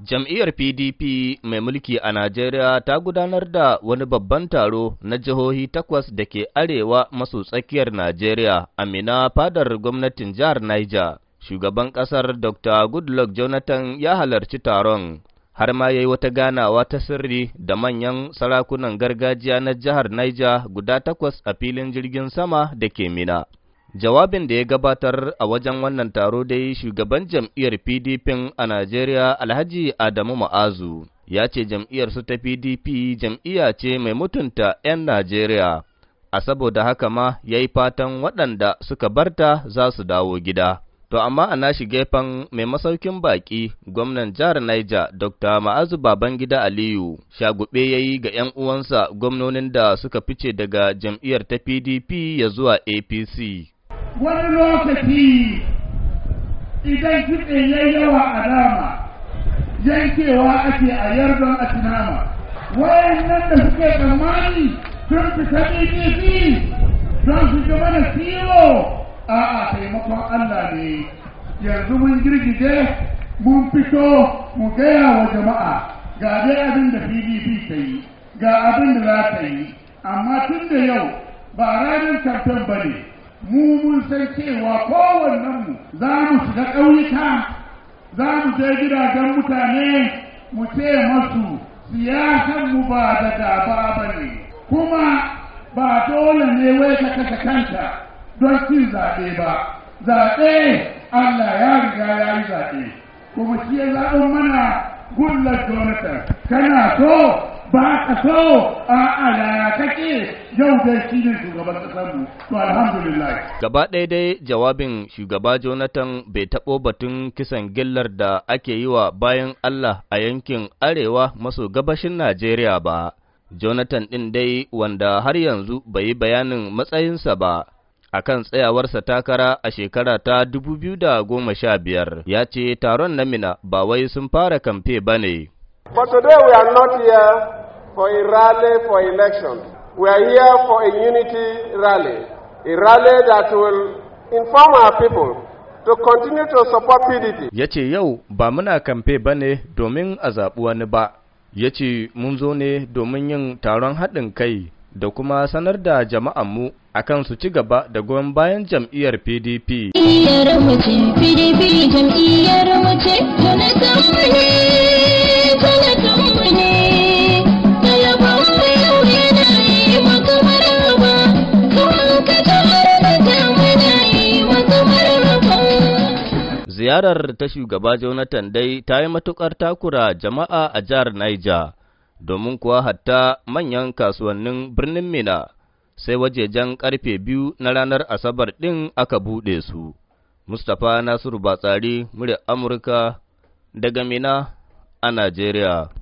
Jam'iyyar PDP mai mulki a Najeriya ta gudanar da wani babban taro na jihohi takwas da ke arewa maso tsakiyar Najeriya a Mina fadar gwamnatin jihar Niger. Shugaban ƙasar Dr. Goodluck Jonathan ya halarci taron, har ma ya yi wata ganawa ta sirri da manyan sarakunan gargajiya na jihar Niger guda takwas a filin jirgin sama da ke Mina. Jawabin da ya gabatar a wajen wannan taro dai shugaban jam'iyyar PDP a Najeriya Alhaji Adamu Ma'azu ya ce jam'iyyar su ta PDP jam'iyya ce mai mutunta 'yan Najeriya, a saboda haka ma ya yi fatan waɗanda suka barta za su dawo gida. To amma a shi gefen mai masaukin baƙi gwamnan jihar Niger Dr. Ma'azu Babangida Aliyu shagube ya yi ga 'yan uwansa gwamnonin da suka fice daga jam'iyyar ta PDP ya zuwa APC. wani lokaci idan kitse ya yawa a dama yankewa ake a yardon a tunama wayannan da suke tsammani sun fita APC don su ji mana ciwo a'a taimakon Allah ne yanzu mun girgije mun fito mu gaya wa jama'a ga dai abin da PDP ta yi ga abin da za ta yi amma tun da yau ba ranar kamfen ba ne mu mun san cewa mu za mu shiga ƙauyuka za mu je gidajen mutane mu ce masu mu ba da gaba ba ne kuma ba dole ne wai ka kashe kanta don cin zaɓe ba zaɓe Allah ya riga ya yi zaɓe kuma shi ya zaɓin mana gullar Jonathan kana so ba ka so a ala kake yau da shi ne shugaban kasar mu to alhamdulillah gaba ɗaya dai jawabin shugaba Jonathan bai taɓo batun kisan gillar da ake yi wa bayan Allah a yankin arewa maso gabashin Najeriya ba Jonathan ɗin dai wanda har yanzu bai yi bayanin matsayinsa ba akan tsayawarsa takara a shekara ta 2015 ya ce taron na Mina ba wai sun fara kamfe ba ne. But today we are not here for a rally for election. We are here for a unity rally, a rally that will inform our people to continue to support PDP. Ya ce yau ba muna kamfe ba ne domin a zaɓi wani ba, ya ce mun zo ne domin yin taron haɗin kai da kuma sanar da jama'anmu a kan su ci gaba da goyon bayan jam'iyyar PDP. Jam'iyyar mace, ziyarar ta shugaba Jonathan dai ta yi matukar takura jama'a a jihar Niger, domin kuwa hatta manyan kasuwannin birnin Mina sai wajejen karfe biyu na ranar Asabar ɗin aka buɗe su. Mustapha Nasiru Batsari, murya Amurka, daga Mina a Najeriya.